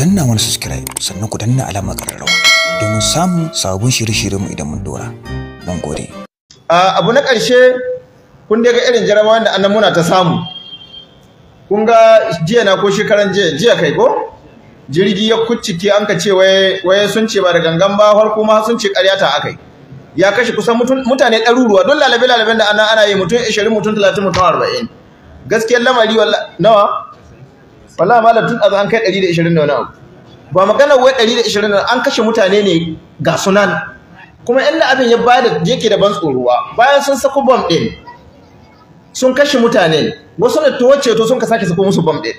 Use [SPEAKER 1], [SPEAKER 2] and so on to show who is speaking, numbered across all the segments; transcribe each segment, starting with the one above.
[SPEAKER 1] danna wani subscribe sannan ku danna alamar ƙararrawa domin samun sabon shirye-shiryenmu idan mun dora. Mun gode. Abu na ƙarshe kun daga irin jarabawa da annan muna ta samu. Kun ga jiya na ko shekaran jiya jiya kai ko? Jirgi ya kuccike an ka ce waye sun ce ba da gangan ba har kuma sun ce ƙarya ta akai. Ya kashe kusan mutane ɗaruruwa don lalabe-lalaben da ana yi mutum 20 mutum 30 mutum 40. Gaskiyar lamari nawa? wallahi malam tun azu an kai 120 da wani abu ba magana wai 120 an kashe mutane ne ga sunan kuma illa abin ya bada yake da ban tsoruwa bayan sun sako bomb din sun kashe mutane wasu ne to wace to sun ka sake saku musu bomb din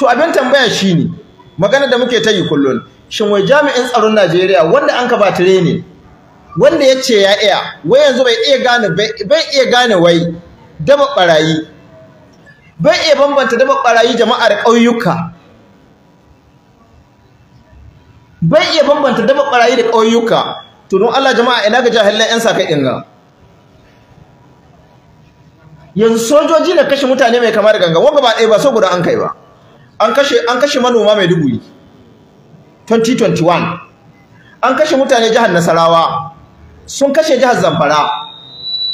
[SPEAKER 1] to abin tambaya shine magana da muke ta yi kullun shin wai jami'in tsaron Najeriya wanda an ka ba training wanda yace ya iya wai yanzu bai iya gane bai iya gane wai daba barayi bai iya bambanta daba ɓarayi jama'ar ƙauyuka bai iya bambanta daba ɓarayi da ƙauyuka to Allah jama'a ina ga jahilan yan sakai din ga yanzu sojoji na kashe mutane mai kama da ganga wa gaba ɗaya ba so guda an kai ba an kashe an kashe manoma mai dubu 2021 an kashe mutane jihar Nasarawa sun kashe jihar Zamfara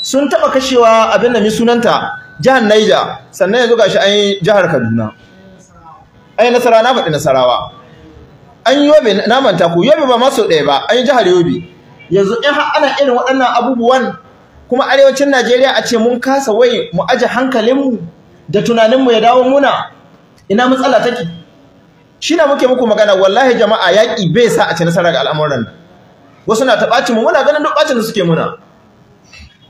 [SPEAKER 1] sun taba kashewa abin da mai sunanta jihar Naija sannan yanzu gashi an yi jihar Kaduna an yi nasara na faɗi nasarawa an yi yobe na manta ku yobe ba maso ɗaya ba an yi jihar yobe yanzu in har ana irin waɗannan abubuwan kuma arewacin Najeriya a ce mun kasa wai mu aje hankalinmu da tunaninmu ya dawo muna ina matsala take shi na muke muku magana wallahi jama'a yaƙi bai sa a ci nasara ga al'amuran nan wasu na ta ɓaci mu muna ganin duk ɓacin da suke muna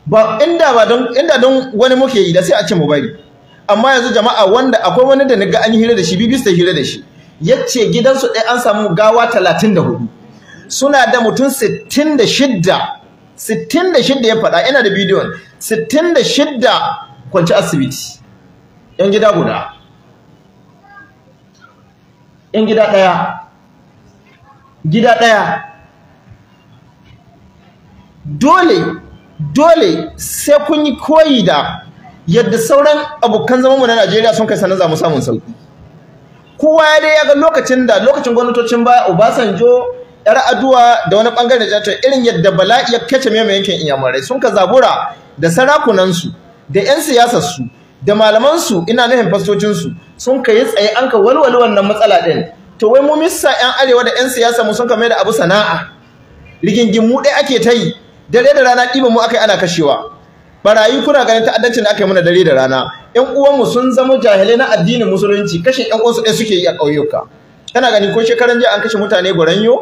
[SPEAKER 1] ba inda ba don inda don wani muke yi da sai a ce mu bari amma yanzu jama'a wanda akwai wani da naga an yi hira da shi bibis ta hira da shi yace gidansu ɗaya an samu gawa 34 suna da mutum 66 66 ya faɗa ina da bidiyon 66 kwanci asibiti yan gida guda yan gida ɗaya gida ɗaya dole dole sai kun yi koyi da yadda sauran abokan zamanmu na Najeriya sun kai sanar za mu samun sauki kowa ya dai ya ga lokacin da lokacin gwamnatocin baya Obasanjo yar aduwa da wani bangare da ta irin yadda bala'i ya kace mai yankin iyamurai, sun ka zabura da sarakunansu da 'yan siyasarsu da malamansu ina nufin fastocinsu sun ka yi tsaye an ka walwali wannan matsala ɗin to wai mu missa 'yan arewa da 'yan siyasa mu sun ka mai da abu sana'a mu ɗaya ake ta yi dare da rana ɗiba mu akai ana kashewa barayi kuna ganin ta'addancin da aka yi mana dare da rana ƴan uwanmu sun zama jahilai na addinin musulunci kashe ƴan uwansu ɗaya suke yi a ƙauyuka kana gani ko shekaran jiya an kashe mutane gwaranyo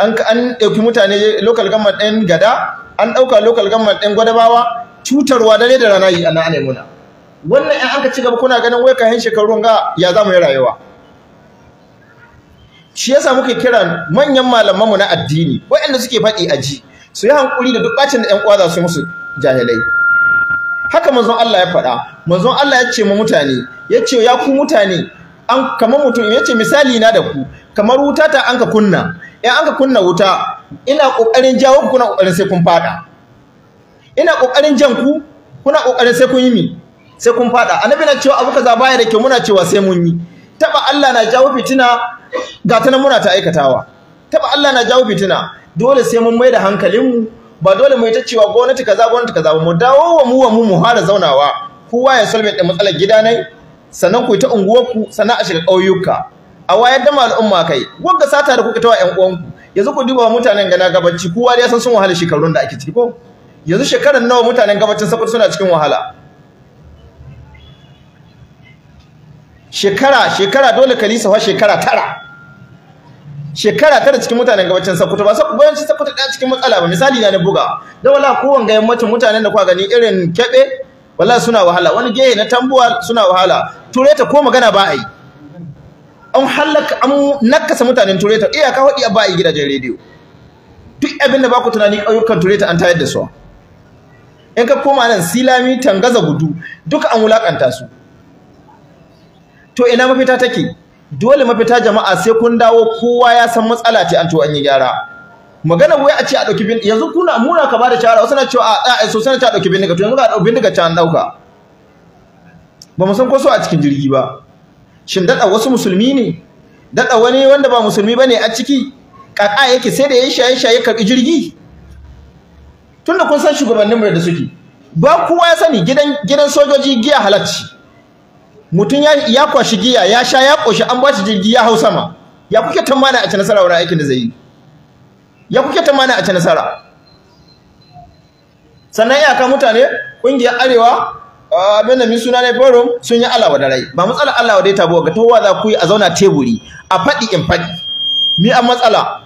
[SPEAKER 1] an an ɗauki mutane local government ɗin gada an ɗauka local government ɗin gwadabawa cutarwa dare da rana yi ana ana muna wannan ƴan aka ci gaba kuna ganin wai kayan shekaru ga ya za mu yi rayuwa shi yasa muke kira manyan malamanmu na addini waɗanda suke faɗi a ji su yi hankuli da duk bacin da ƴan uwa za su musu jahilai haka manzon Allah ya faɗa manzon Allah ya ce ma mutane ya ce ya ku mutane an kamar mutum ya ce misali na da ku kamar wuta ta an ka kunna in an ka kunna wuta ina ƙoƙarin jawo ku na kokarin sai kun fada ina kokarin jan ku kuna ƙoƙarin sai kun yi mi sai kun fada annabi na cewa abu kaza baya da kyau muna cewa sai mun yi Taɓa Allah na jawo fitina ga ta nan muna ta aikatawa Taɓa Allah na jawo fitina dole sai mun mai da hankalinmu ba dole mu ta cewa gwamnati kaza gwamnati kaza ba mu dawo wa mu wa mu mu hara zaunawa kowa ya solve da matsalar gidanai sannan ku ta unguwarku sannan a shiga ƙauyuka a wayar da al'umma kai wanda sata da kuka tawa ƴan ku yanzu ku duba mutanen gana gabanci kowa ya san sun wahala shekarun da ake ciki ko yanzu shekaran nawa mutanen gabacin saboda suna cikin wahala shekara shekara dole ka lisa wa shekara tara shekara tara cikin mutanen gabacin Sokoto ba sai bayan Sokoto da cikin matsala ba misali na buga da wala kowan ga yammacin mutanen da kuka gani irin kebe wala suna wahala wani gehe na tambuwa suna wahala tureta ko magana ba ai an halaka an nakasa mutanen tureta iyaka hodi ba ai gidajen rediyo duk abin da ba ku tunani ayyukan tureta an tayar da su in ka koma nan silami tangaza gudu duka an wulakanta su to ina mafita take dole mafita jama'a sai kun dawo kowa ya san matsala ce an to an yi gyara magana wai a ce a dauki bin yanzu kuna muna ka bada shawara wasu na cewa a a so sana ta dauki bin daga to yanzu ka dauki bin daga can dauka ba mu san ko so a cikin jirgi ba shin dada wasu musulmi ne dada wani wanda ba musulmi bane a ciki kaka yake sai da yayin shaye shaye karbi jirgi tunda kun san shugabannin mu da suke ba kowa ya sani gidan gidan sojoji giya halacci mutum ya kwashi giya ya sha ya ƙoshi an ba shi jirgi ya hau sama ya kuke tamana a ci nasara wani aikin da zai yi ya kuke tamana a ci nasara sannan iyaka mutane ƙungiyar arewa abin da min suna ne forum sun yi alawa da rai ba matsala alawa dai tabo ga towa za ku yi a zauna teburi a faɗi in faɗi mi an matsala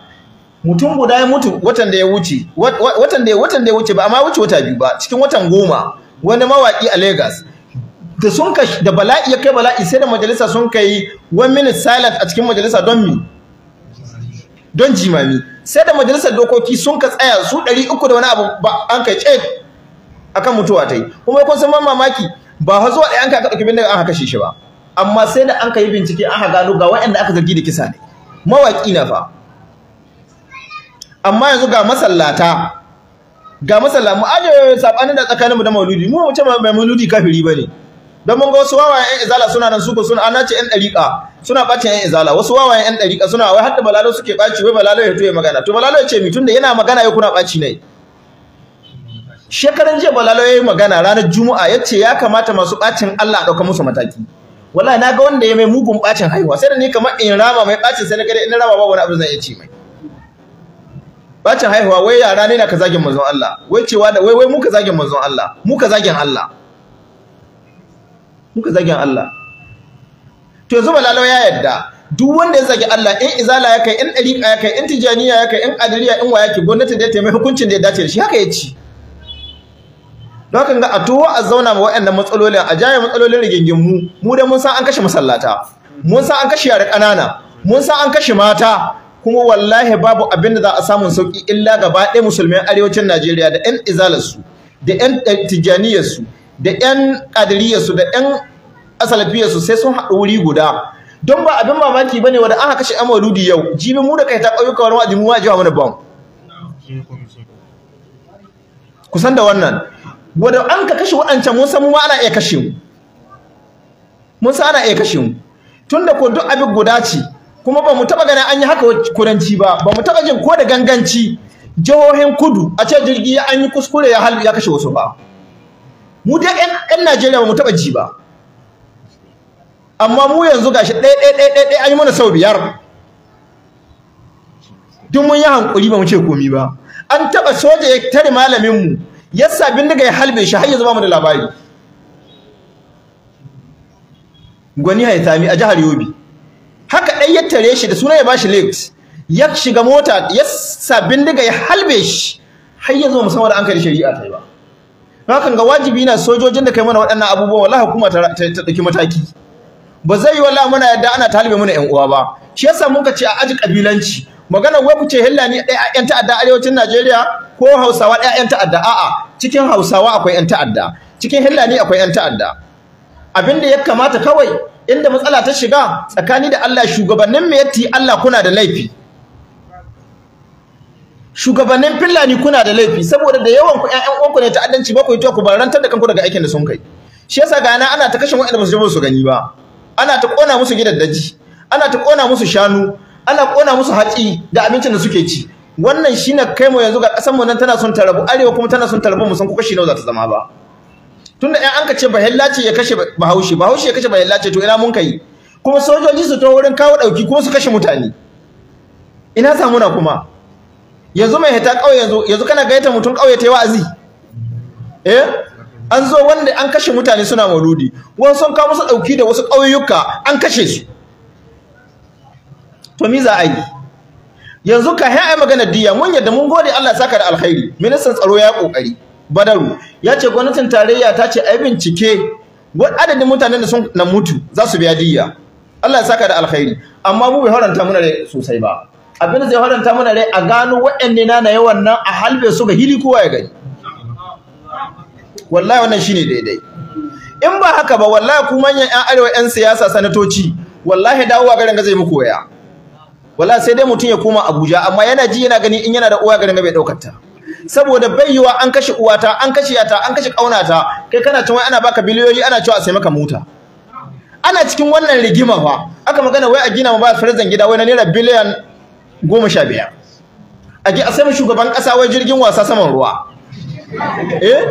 [SPEAKER 1] mutum guda ya mutu watan da ya wuce watan da ya wuce ba amma wuce wata biyu ba cikin watan goma wani mawaƙi a Lagos da sun ka da bala'i ya kai bala'i sai da majalisa sun ka yi one minute silent a cikin majalisa don mi don jimami sai da majalisar dokoki sun ka tsaya su 300 da wani abu ba an kai ce akan mutuwa ta yi kuma kun san mamaki ba ha zuwa ɗaya an ka ɗauki bin da an kashe shi ba amma sai da an ka yi bincike an aka gano ga waɗanda aka zargi da kisa ne mawaƙi na fa amma yanzu ga masallata ga masalla mu aje sabanin da tsakaninmu da mauludi mu mace mai mauludi kafiri ba ne. don mun ga wasu wawayen yan izala suna nan suko suna ana ce 'yan ɗariƙa suna ɓacin yan izala wasu wawayen yan ɗariƙa suna wai hatta balalo suke ɓaci wai balalo ya tuye magana to balalo ya ce mi tunda yana magana ya kuna ɓaci ne shekaran jiya balalo ya yi magana ranar juma'a ya ce ya kamata masu ɓacin Allah a ɗauka musu mataki wallahi na ga wanda ya mai mugun ɓacin haihuwa sai da ni kamar in rama mai ɓacin sai na gare in rama ba wani abu zan iya ce mai ɓacin haihuwa wai yara ne na ka zagin manzon Allah wai cewa da wai wai ka zagin manzon Allah ka zagin Allah muka zagin Allah to yanzu balalau ya yadda duk wanda ya zagi Allah in izala ya kai in dariqa ya kai in tijaniya ya kai in adiriya in waya ke gwamnati da ta mai hukuncin da ya dace da shi haka ya ci lokacin ga a tuwo a zauna ma waɗannan matsalolin a jaye matsalolin rigingin mu mu da mun san an kashe masallata mun san an kashe yara ƙanana mun san an kashe mata kuma wallahi babu abin da za a samu sauki illa gaba ɗaya musulmai arewacin Najeriya da 'yan izalarsu da 'yan tijaniyarsu da yan qadiriyarsu da yan asalafiyarsu sai sun haɗu wuri guda don ba abin mamaki ba ne wanda aka kashe an mauludi yau jibi mu da kai ta ƙauyuka wani wa'azi mu ma jiwa mana bam kusan da wannan wanda an ka kashe waɗancan mun san mu ma ana iya kashe mu mun san ana iya kashe mu tunda ko duk abin guda ce kuma ba mu taɓa ganin an yi haka kuranci ba ba mu taɓa jin ko da ganganci jihohin kudu a ce jirgi an yi kuskure ya kashe wasu ba mu dai ƴan Najeriya ba mu taba ji ba amma mu yanzu gashi ɗaya ɗaya ɗaya ɗaya an yi mana sau biyar duk mun yi hankuri ba mu ce komi ba an taba soja ya tare malamin mu ya sabin daga ya halbe shi har ya zama mu da labari gwani haitami a jihar Yobi. haka ɗai ya tare shi da suna ya bashi late ya shiga mota ya sabin daga ya halbe shi har ya zama san da an kai shari'a ta yi ba hakan ga wajibi na sojojin da kai mana waɗannan abubuwa, wallahi hukuma ta ɗauki mataki ba zai yi wallahi muna yadda ana talibe muna ƴan uwa ba shi yasa muka ce a aji kabilanci magana wai ku ce hillani ɗaya ƴan ta'adda arewacin Najeriya ko Hausawa ɗaya ƴan ta'adda a'a cikin Hausawa akwai ƴan ta'adda cikin hillani akwai ƴan ta'adda abin da ya kamata kawai inda matsala ta shiga tsakani da Allah shugabannin mu yatti Allah kuna da laifi shugabannin fillani kuna da laifi saboda da yawan ku ƴaƴan uwanku ne ta'addanci ba ku yi to ku barantar da kanku daga aikin da sun kai shi yasa gana ana ta kashe wa'anda ba su jabo su gani ba ana ta kona musu gidaddaji ana ta kona musu shanu ana kona musu hatsi da abincin da suke ci wannan shine kai mu yanzu ga kasar mu nan tana son ta rabu arewa kuma tana son ta rabu mu san ku kashi nawa za ta zama ba tunda ɗan an ka ce bahilla ce ya kashe bahaushe bahaushe ya kashe bahilla to ina mun kai kuma sojoji su to wurin kawo dauki kuma su kashe mutane ina samuna kuma yanzu mai hita ƙauye yanzu yanzu kana gaita mutum kauye ta yi wa'azi eh an zo wanda an kashe mutane suna marudi wani sun kawo musu ɗauki da wasu ƙauyuka an kashe su to mi za a yi yanzu ka hai magana diya mun yadda mun gode Allah saka da alkhairi ministan tsaro ya kokari badaru ya ce gwamnatin tarayya ta ce ai bincike adadin mutanen da sun na mutu za su biya diya Allah saka da alkhairi amma mu bai haranta muna sosai ba abin zai haranta mana rai a gano waɗanne na yawan nan a halbe su ga hili kowa ya gani wallahi wannan shine daidai in ba haka ba wallahi ku manyan ƴan arewa 'yan siyasa sanatoci wallahi dawowa garin ga zai muku waya wallahi sai dai mutum ya koma Abuja amma yana ji yana gani in yana da uwa garin ga bai daukar ta saboda baiwa an kashe uwata an kashe yata an kashe kaunata kai kana tun wai ana baka biliyoyi ana cewa a sai maka mota ana cikin wannan rigima fa aka magana wai a gina ma ba farzan gida wai na naira biliyan goma sha biyar a ji a sami shugaban ƙasa wai jirgin wasa saman ruwa eh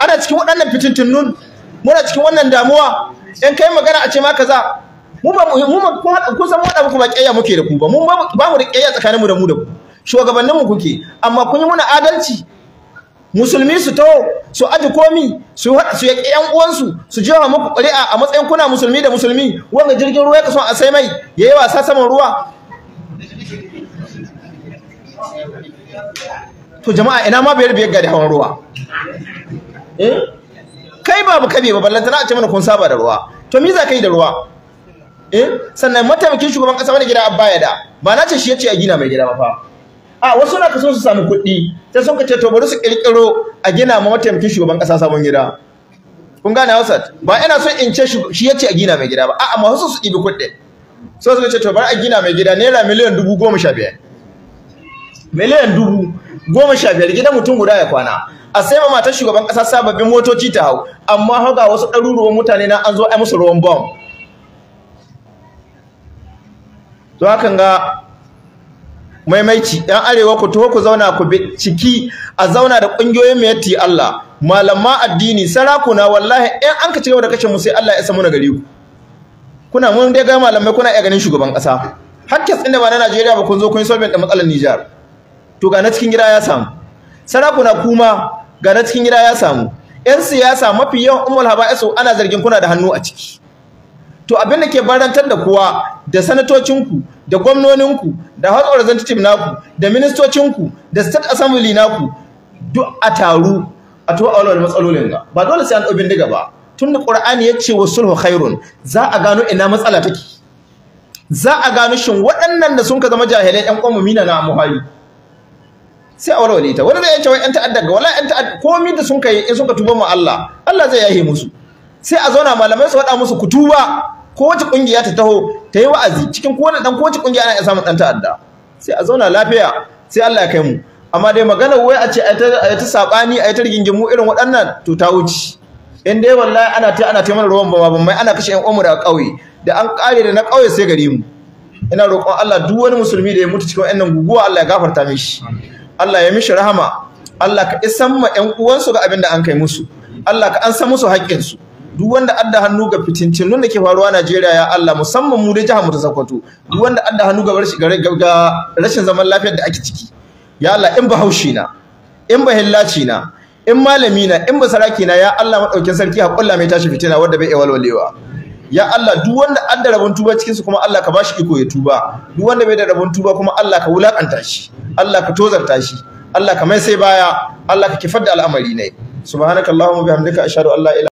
[SPEAKER 1] ana cikin waɗannan tunnun? muna cikin wannan damuwa in kai magana a ce ma kaza mu ba mu kun san waɗanda ku ba ƙiyayya muke da ku ba mu ba mu da ƙeya tsakanin mu da mu da ku shugabanninmu kuke amma kun yi muna adalci musulmi su taho su aji komi su su yaƙi ƴan uwansu su je wa muku ƙuri'a a matsayin kuna musulmi da musulmi wanda jirgin ruwa ya kaso a sai mai yayi wasa saman ruwa to jama'a ina ma biyar biyar ga da hawan ruwa eh? kai babu kabe ba ballanta na a ce mana kun saba da ruwa to me za ka yi da ruwa eh? sannan mataimakin shugaban kasa wani gida abba ya da ba na ce shi ya ce a gina mai gida ba fa a wasu na kaso su samu kuɗi sai sun ka ce to bari su kirkiro a gina ma mataimakin shugaban kasa sabon gida kun gane Hausat ba ina so in ce shi ya ce a gina mai gida ba a'a ma wasu su ɗibi kuɗi so su ce to bari a gina mai gida naira miliyan dubu goma sha biyar miliyan dubu goma sha biyar gidan mutum guda ya kwana a sai ma matar shugaban ƙasa sababbin motoci ta hau amma ga wasu ɗaruruwan mutane na an zo ai musu ruwan bom to hakan ga maimaici yan arewa ku taho ku zauna ku bi ciki a zauna da ƙungiyoyin mai Allah malama addini sarakuna wallahi in an ka cigaba da kashe mu sai Allah ya samu na gari ku kuna mun dai ga malamai kuna iya ganin shugaban ƙasa hakkin tsinda ba na Najeriya ba kun zo kun yi solving da matsalar Nijar. to ga na cikin gida ya samu sarakuna kuma ga na cikin gida ya samu yan siyasa mafi yawan ummul haba'isu ana zargin kuna da hannu a ciki to abin da ke barantar da kuwa da sanatocinku da gwamnoninku da house representative naku da ministocinku da state assembly naku duk a taru a to a walwala matsalolin ga ba dole sai an ɗaubin diga ba tun da qur'ani ya ce wasulhu khairun za a gano ina matsala take za a gano shin waɗannan da sun ka zama jahilai ƴan ƙwamumi na muhayi sai a warware ta wani zai cewa yan ta'adda ga wala yan ta'adda komai da sun kai in suka tuba ma Allah Allah zai yahe musu sai a zauna malamai su faɗa musu ku tuba ko wace kungiya ta taho ta yi wa'azi cikin wani dan ko wace kungiya ana iya samun dan ta'adda sai a zauna lafiya sai Allah ya kai mu amma dai magana wai a ce a ta saɓani a ta rigingimu irin waɗannan to ta wuce in dai wallahi ana ta ana taimar ruwan ba ban mai ana kashe ƴan uwanmu a ƙauye da an ƙare da na ƙauye sai gare mu ina roƙon Allah duk wani musulmi da ya mutu cikin wannan guguwa Allah ya gafarta mishi Allah ya mishi rahama Allah ka isan ma ƴan uwansu ga abin da an kai musu Allah ka an san musu haƙƙinsu duk wanda adda hannu ga fitincinun da ke faruwa Najeriya ya Allah musamman mu da jihar mu ta Sokoto duk wanda adda hannu ga rashin zaman lafiyar da ake ciki ya Allah in ba na in ba hillaci na in malami na in ba saraki na ya Allah madaukin sarki haƙulla mai tashi fitina wanda bai iya walwalewa ya Allah duk wanda an da rabon tuba cikinsu kuma Allah ka bashi iko ya tuba duk wanda bai da rabon tuba kuma Allah ka wulakanta shi Allah ka tozarta shi Allah ka mai sai baya Allah ka kifar da al'amari ne subhanakallahumma bihamdika ashhadu an la ilaha